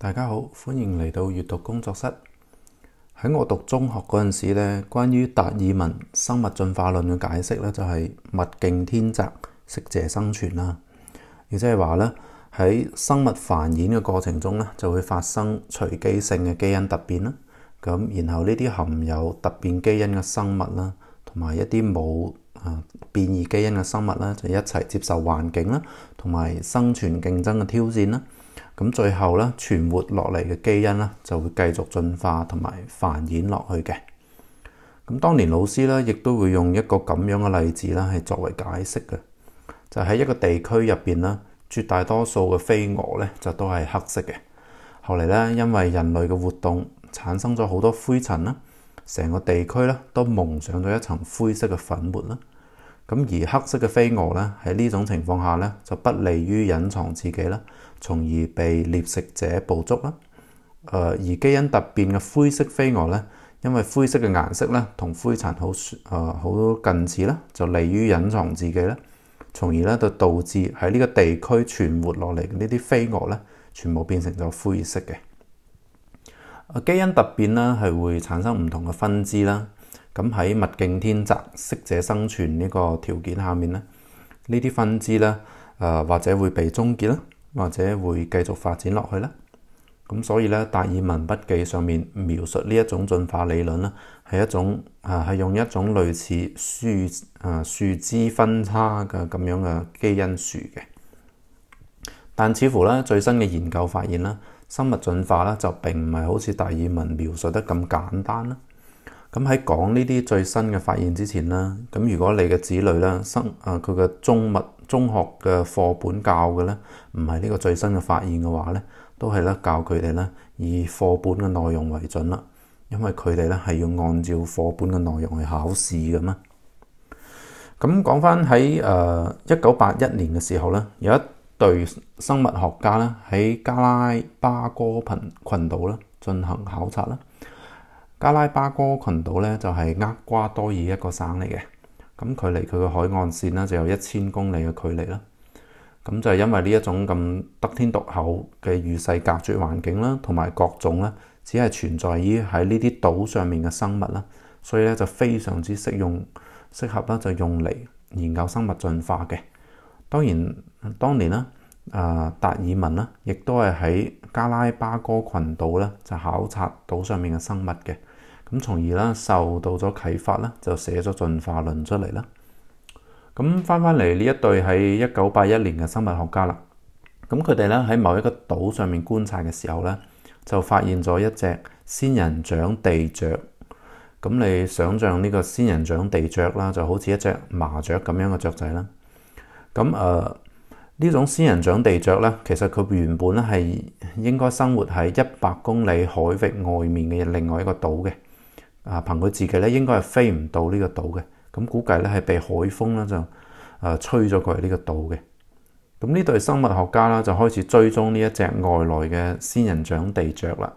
大家好，歡迎嚟到閱讀工作室。喺我讀中學嗰陣時咧，關於達爾文生物進化論嘅解釋咧，就係物競天擇，適者生存啦。亦即係話咧，喺生物繁衍嘅過程中咧，就會發生隨機性嘅基因突變啦。咁然後呢啲含有突變基因嘅生物啦，同埋一啲冇啊變異基因嘅生物啦，就一齊接受環境啦，同埋生存競爭嘅挑戰啦。咁最後咧，存活落嚟嘅基因呢，就會繼續進化同埋繁衍落去嘅。咁當年老師咧，亦都會用一個咁樣嘅例子呢，係作為解釋嘅。就喺一個地區入面呢，絕大多數嘅飛蛾咧就都係黑色嘅。後嚟咧，因為人類嘅活動產生咗好多灰塵啦，成個地區咧都蒙上咗一層灰色嘅粉末啦。咁而黑色嘅飛蛾咧，喺呢種情況下咧，就不利於隱藏自己啦，從而被獵食者捕捉啦。誒，而基因突變嘅灰色飛蛾咧，因為灰色嘅顏色咧，同灰塵好、誒好近似啦，就利於隱藏自己啦，從而咧就導致喺呢個地區存活落嚟嘅呢啲飛蛾咧，全部變成咗灰色嘅。基因突變咧，係會產生唔同嘅分支啦。咁喺物競天擇、適者生存呢個條件下面呢，呢啲分支咧，誒、呃、或者會被終結啦，或者會繼續發展落去啦。咁所以呢，《達爾文筆記》上面描述呢一種進化理論啦，係一種啊，係、呃、用一種類似樹啊、呃、樹枝分叉嘅咁樣嘅基因樹嘅。但似乎呢，最新嘅研究發現咧，生物進化呢，就並唔係好似達爾文描述得咁簡單啦。咁喺講呢啲最新嘅發現之前啦，咁如果你嘅子女呢生啊佢嘅中物中學嘅課本教嘅呢，唔係呢個最新嘅發現嘅話呢，都係呢教佢哋呢以課本嘅內容為準啦，因為佢哋呢係要按照課本嘅內容去考試嘅嘛。咁講翻喺誒一九八一年嘅時候呢，有一對生物學家呢，喺加拉巴哥群群島呢進行考察啦。加拉巴哥群島咧就係厄瓜多爾一個省嚟嘅，咁距離佢嘅海岸線咧就有一千公里嘅距離啦。咁就係、是、因為呢一種咁得天獨厚嘅與世隔絕環境啦，同埋各種咧只係存在於喺呢啲島上面嘅生物啦，所以咧就非常之適用，適合咧就用嚟研究生物進化嘅。當然，當年咧，誒、呃、達爾文咧，亦都係喺加拉巴哥群島咧就考察島上面嘅生物嘅。咁，從而咧受到咗啟發咧，就寫咗進化論出嚟啦。咁翻翻嚟呢一對喺一九八一年嘅生物學家啦，咁佢哋咧喺某一個島上面觀察嘅時候咧，就發現咗一隻仙人掌地雀。咁你想象呢個仙人掌地雀啦，就好似一隻麻雀咁樣嘅雀仔啦。咁、呃、呢種仙人掌地雀咧，其實佢原本咧係應該生活喺一百公里海域外面嘅另外一個島嘅。啊！憑佢自己咧，應該係飛唔到呢個島嘅，咁估計咧係被海風咧就誒吹咗過嚟呢個島嘅。咁呢對生物學家啦，就開始追蹤呢一隻外來嘅仙人掌地雀啦。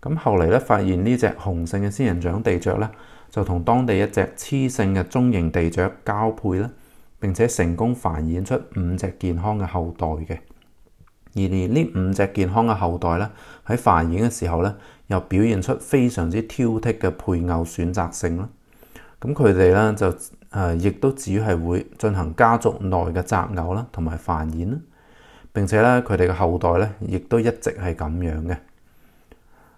咁後嚟咧，發現呢隻雄性嘅仙人掌地雀咧，就同當地一隻雌性嘅中型地雀交配咧，並且成功繁衍出五隻健康嘅後代嘅。而呢五隻健康嘅後代咧，喺繁衍嘅時候咧。又表現出非常之挑剔嘅配偶選擇性啦，咁佢哋咧就誒亦都只係會進行家族內嘅擇偶啦，同埋繁衍啦。並且咧佢哋嘅後代咧，亦都一直係咁樣嘅。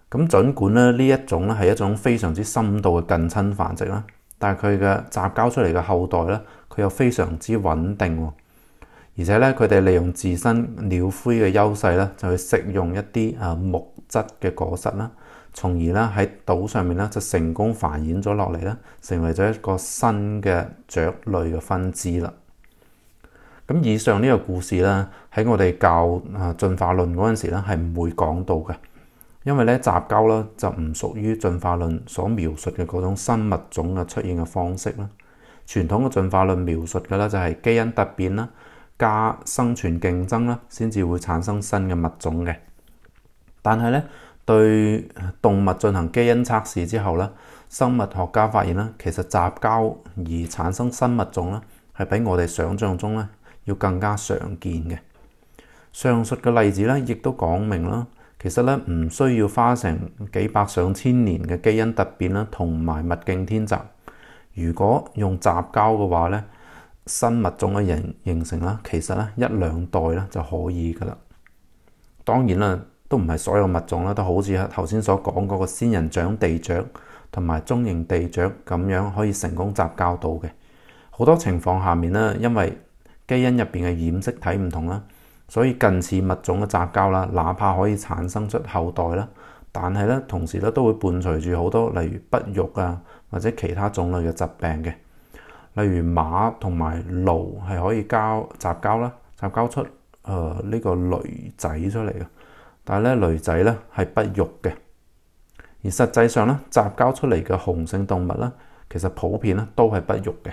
咁儘管咧呢一種咧係一種非常之深度嘅近親繁殖啦，但係佢嘅雜交出嚟嘅後代咧，佢又非常之穩定，而且咧佢哋利用自身鳥灰嘅優勢咧，就去食用一啲誒木質嘅果實啦。從而咧喺島上面咧就成功繁衍咗落嚟咧，成為咗一個新嘅雀類嘅分支啦。咁以上呢個故事咧喺我哋教啊進化論嗰陣時咧係唔會講到嘅，因為咧雜交啦就唔屬於進化論所描述嘅嗰種新物種嘅出現嘅方式啦。傳統嘅進化論描述嘅咧就係基因突變啦加生存競爭啦先至會產生新嘅物種嘅，但係咧。對動物進行基因測試之後咧，生物學家發現咧，其實雜交而產生新物種咧，係比我哋想象中咧要更加常見嘅。上述嘅例子咧，亦都講明啦，其實咧唔需要花成幾百上千年嘅基因突變啦，同埋物競天擇。如果用雜交嘅話咧，新物種嘅形形成啦，其實咧一兩代咧就可以㗎喇。當然啦。都唔係所有物種咧，都好似頭先所講嗰個仙人掌、地掌同埋中型地掌咁樣可以成功雜交到嘅。好多情況下面呢，因為基因入邊嘅染色體唔同啦，所以近似物種嘅雜交啦，哪怕可以產生出後代啦，但係咧同時咧都會伴隨住好多例如不育啊或者其他種類嘅疾病嘅。例如馬同埋驢係可以交雜交啦，雜交出誒呢、呃這個騾仔出嚟嘅。但係咧，女仔咧係不育嘅，而實際上咧，雜交出嚟嘅雄性動物咧，其實普遍咧都係不育嘅。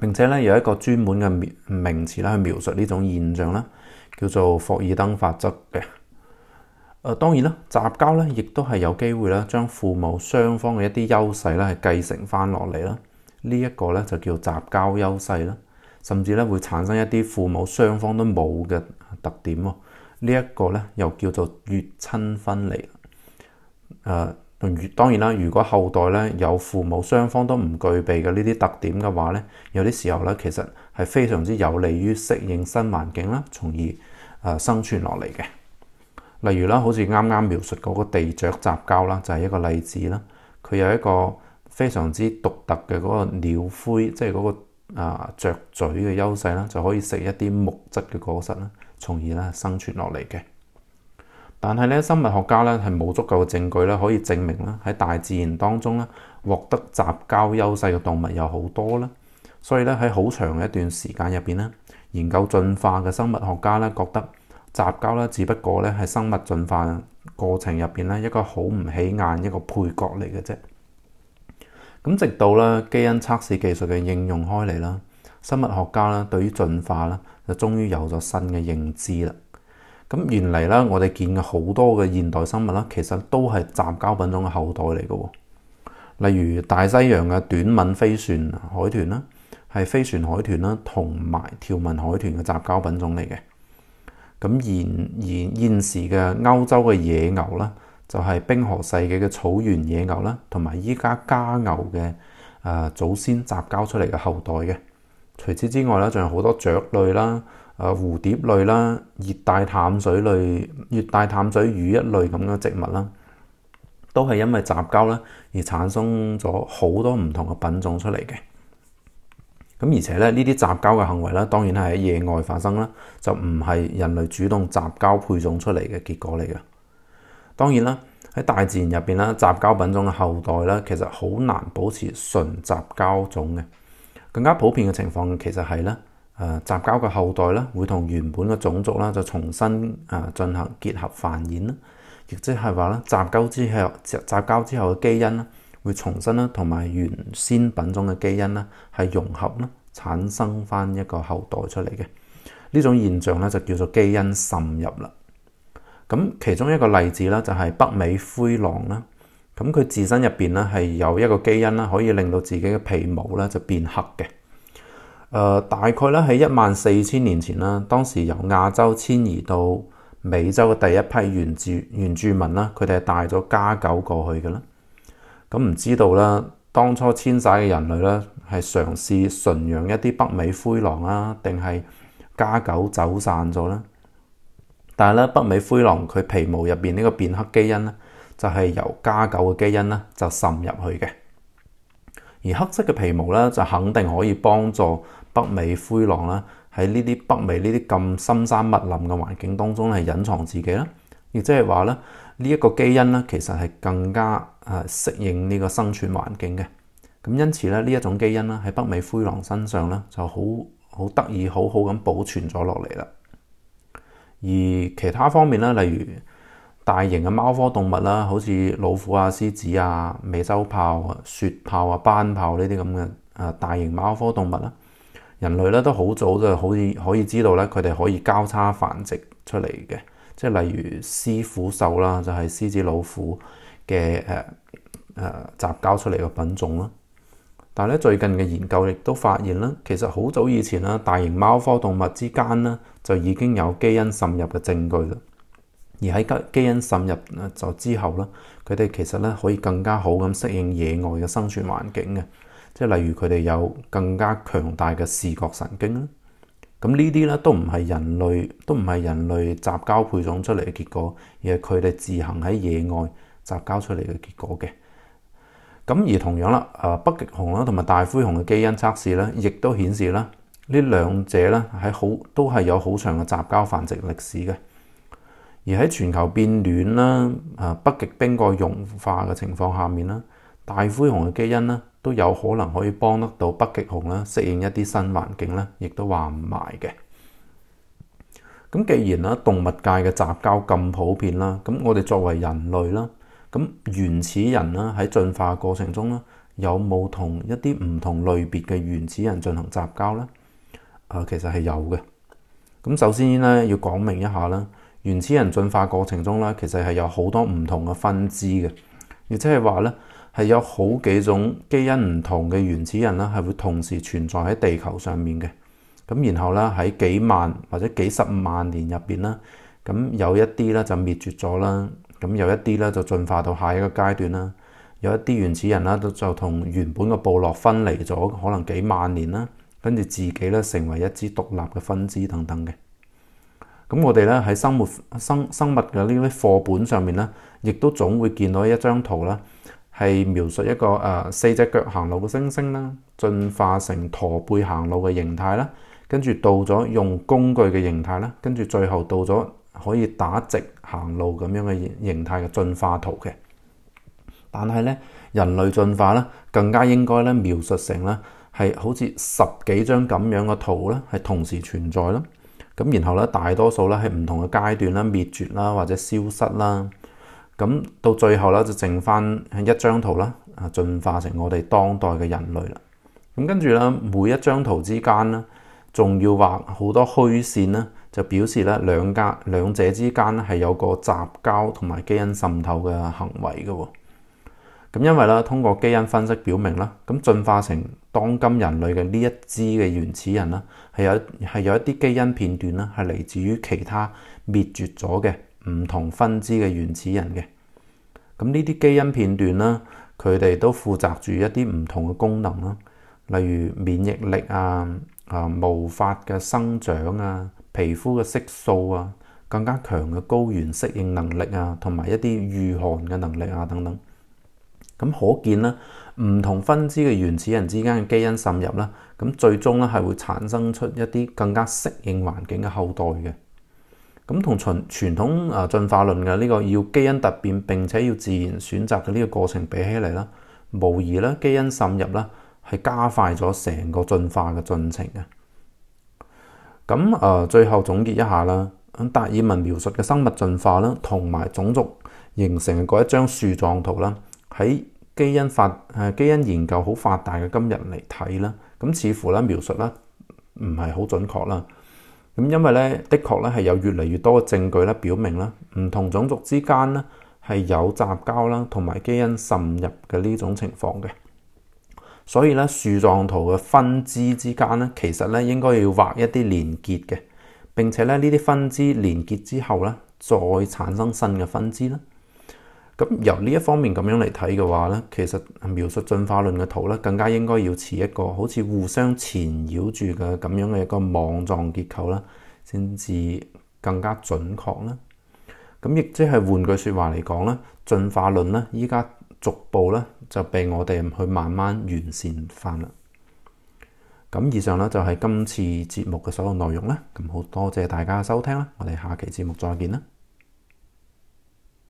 並且咧有一個專門嘅名詞咧去描述呢種現象啦，叫做霍爾登法則嘅。誒、呃，當然啦，雜交咧亦都係有機會啦將父母雙方嘅一啲優勢咧係繼承翻落嚟啦。呢、這、一個咧就叫雜交優勢啦，甚至咧會產生一啲父母雙方都冇嘅特點喎。這呢一個咧，又叫做越親分離。誒、呃，當然啦，如果後代咧有父母雙方都唔具備嘅呢啲特點嘅話咧，有啲時候咧，其實係非常之有利於適應新環境啦，從而、呃、生存落嚟嘅。例如啦，好似啱啱描述嗰個地雀雜交啦，就係、是、一個例子啦。佢有一個非常之獨特嘅嗰個鳥喙，即係嗰個啊、呃、雀嘴嘅優勢啦，就可以食一啲木質嘅果實啦。從而咧生存落嚟嘅。但係咧生物學家咧係冇足夠嘅證據咧可以證明啦，喺大自然當中咧獲得雜交優勢嘅動物有好多啦。所以咧喺好長嘅一段時間入邊咧，研究進化嘅生物學家咧覺得雜交咧只不過咧係生物進化過程入邊咧一個好唔起眼的一個配角嚟嘅啫。咁直到咧基因測試技術嘅應用開嚟啦。生物學家啦，對於進化啦，就終於有咗新嘅認知啦。咁原嚟啦，我哋見嘅好多嘅現代生物啦，其實都係雜交品種嘅後代嚟嘅。例如大西洋嘅短吻飛船海豚啦，係飛船海豚啦同埋條紋海豚嘅雜交品種嚟嘅。咁，現現現時嘅歐洲嘅野牛啦，就係、是、冰河世紀嘅草原野牛啦，同埋依家家牛嘅誒祖先雜交出嚟嘅後代嘅。除此之外咧，仲有好多雀類啦、啊蝴蝶類啦、熱帶淡水類、熱帶淡水魚一類咁嘅植物啦，都係因為雜交咧而產生咗好多唔同嘅品種出嚟嘅。咁而且咧，呢啲雜交嘅行為咧，當然係喺野外發生啦，就唔係人類主動雜交配種出嚟嘅結果嚟嘅。當然啦，喺大自然入邊咧，雜交品種嘅後代咧，其實好難保持純雜交種嘅。更加普遍嘅情況其實係咧，誒雜交嘅後代咧，會同原本嘅種族啦，就重新誒進行結合繁衍啦，亦即係話咧，雜交之後，雜交之後嘅基因咧會重新咧同埋原先品種嘅基因咧係融合啦，產生翻一個後代出嚟嘅呢種現象咧就叫做基因滲入啦。咁其中一個例子啦就係北美灰狼啦。咁佢自身入邊咧係有一個基因啦，可以令到自己嘅皮毛咧就變黑嘅。誒、呃，大概咧喺一萬四千年前啦，當時由亞洲遷移到美洲嘅第一批原住原住民啦，佢哋係帶咗家狗過去嘅啦。咁唔知道咧，當初遷徙嘅人類咧係嘗試馴養一啲北美灰狼啊，定係家狗走散咗啦？但係咧，北美灰狼佢皮毛入邊呢個變黑基因咧。就係由家狗嘅基因咧，就滲入去嘅。而黑色嘅皮毛咧，就肯定可以幫助北美灰狼啦。喺呢啲北美呢啲咁深山密林嘅環境當中咧，隱藏自己啦。亦即係話咧，呢一個基因咧，其實係更加誒適應呢個生存環境嘅。咁因此咧，呢一種基因咧，喺北美灰狼身上咧，就好好得意好好咁保存咗落嚟啦。而其他方面咧，例如，大型嘅貓科動物啦，好似老虎啊、獅子啊、美洲豹啊、雪豹啊、斑豹呢啲咁嘅啊，這些大型貓科動物啦，人類咧都好早就好可以知道咧，佢哋可以交叉繁殖出嚟嘅，即係例如獅虎獸啦，就係獅子老虎嘅誒誒雜交出嚟嘅品種啦。但係咧，最近嘅研究亦都發現啦，其實好早以前啦，大型貓科動物之間咧就已經有基因滲入嘅證據啦。而喺基因滲入咗之後啦，佢哋其實咧可以更加好咁適應野外嘅生存環境嘅，即係例如佢哋有更加強大嘅視覺神經啦。咁呢啲咧都唔係人類都唔係人類雜交配種出嚟嘅結果，而係佢哋自行喺野外雜交出嚟嘅結果嘅。咁而同樣啦，誒北極熊啦同埋大灰熊嘅基因測試咧，亦都顯示啦，呢兩者咧喺好都係有好長嘅雜交繁殖歷史嘅。而喺全球變暖啦，北極冰蓋融化嘅情況下面啦，大灰熊嘅基因咧都有可能可以幫得到北極熊啦，適應一啲新環境咧，亦都話唔埋嘅。咁既然啦，動物界嘅雜交咁普遍啦，咁我哋作為人類啦，咁原始人啦喺進化過程中啦，有冇同一啲唔同類別嘅原始人進行雜交呢？其實係有嘅。咁首先咧，要講明一下啦。原始人進化過程中咧，其實係有好多唔同嘅分支嘅，亦即係話咧係有好幾種基因唔同嘅原始人啦，係會同時存在喺地球上面嘅。咁然後咧喺幾萬或者幾十萬年入邊啦，咁有一啲咧就滅絕咗啦，咁有一啲咧就進化到下一個階段啦，有一啲原始人啦就同原本嘅部落分離咗，可能幾萬年啦，跟住自己咧成為一支獨立嘅分支等等嘅。咁我哋咧喺生活生生物嘅呢啲課本上面咧，亦都總會見到一張圖啦，係描述一個誒、呃、四隻腳行路嘅猩猩啦，進化成駝背行路嘅形態啦，跟住到咗用工具嘅形態啦，跟住最後到咗可以打直行路咁樣嘅形態嘅進化圖嘅。但係咧，人類進化咧，更加應該咧描述成咧係好似十幾張咁樣嘅圖咧，係同時存在咯。咁然後咧，大多數咧喺唔同嘅階段啦滅絕啦，或者消失啦。咁到最後咧，就剩翻一張圖啦，啊進化成我哋當代嘅人類啦。咁跟住咧，每一張圖之間咧，仲要畫好多虛線咧，就表示咧兩者之間咧係有個雜交同埋基因滲透嘅行為嘅喎。咁，因為咧，通過基因分析表明啦，咁進化成當今人類嘅呢一支嘅原始人啦，係有係有一啲基因片段啦，係嚟自於其他滅絕咗嘅唔同分支嘅原始人嘅。咁呢啲基因片段啦，佢哋都負責住一啲唔同嘅功能啦，例如免疫力啊、啊毛髮嘅生長啊、皮膚嘅色素啊、更加強嘅高原適應能力啊，同埋一啲御寒嘅能力啊等等。咁可見啦，唔同分支嘅原始人之間嘅基因滲入啦，咁最終咧係會產生出一啲更加適應環境嘅後代嘅。咁同傳傳統啊進化論嘅呢個要基因突變，並且要自然選擇嘅呢個過程比起嚟啦，無疑啦基因滲入啦係加快咗成個進化嘅進程嘅。咁啊，最後總結一下啦，咁達爾文描述嘅生物進化啦，同埋種族形成嘅嗰一張樹狀圖啦，喺。基因發，誒基因研究好發達嘅今日嚟睇啦，咁似乎咧描述咧唔係好準確啦。咁因為咧，的確咧係有越嚟越多嘅證據咧表明咧，唔同種族之間咧係有雜交啦，同埋基因滲入嘅呢種情況嘅。所以咧樹狀圖嘅分支之間咧，其實咧應該要畫一啲連結嘅。並且咧呢啲分支連結之後咧，再產生新嘅分支啦。咁由呢一方面咁樣嚟睇嘅話呢，其實描述進化論嘅圖呢，更加應該要似一個好似互相纏繞住嘅咁樣嘅一個網狀結構啦，先至更加準確啦。咁亦即係換句說話嚟講呢，進化論呢，依家逐步呢，就被我哋去慢慢完善翻啦。咁以上呢，就係今次節目嘅所有內容啦。咁好多謝大家收聽啦，我哋下期節目再見啦。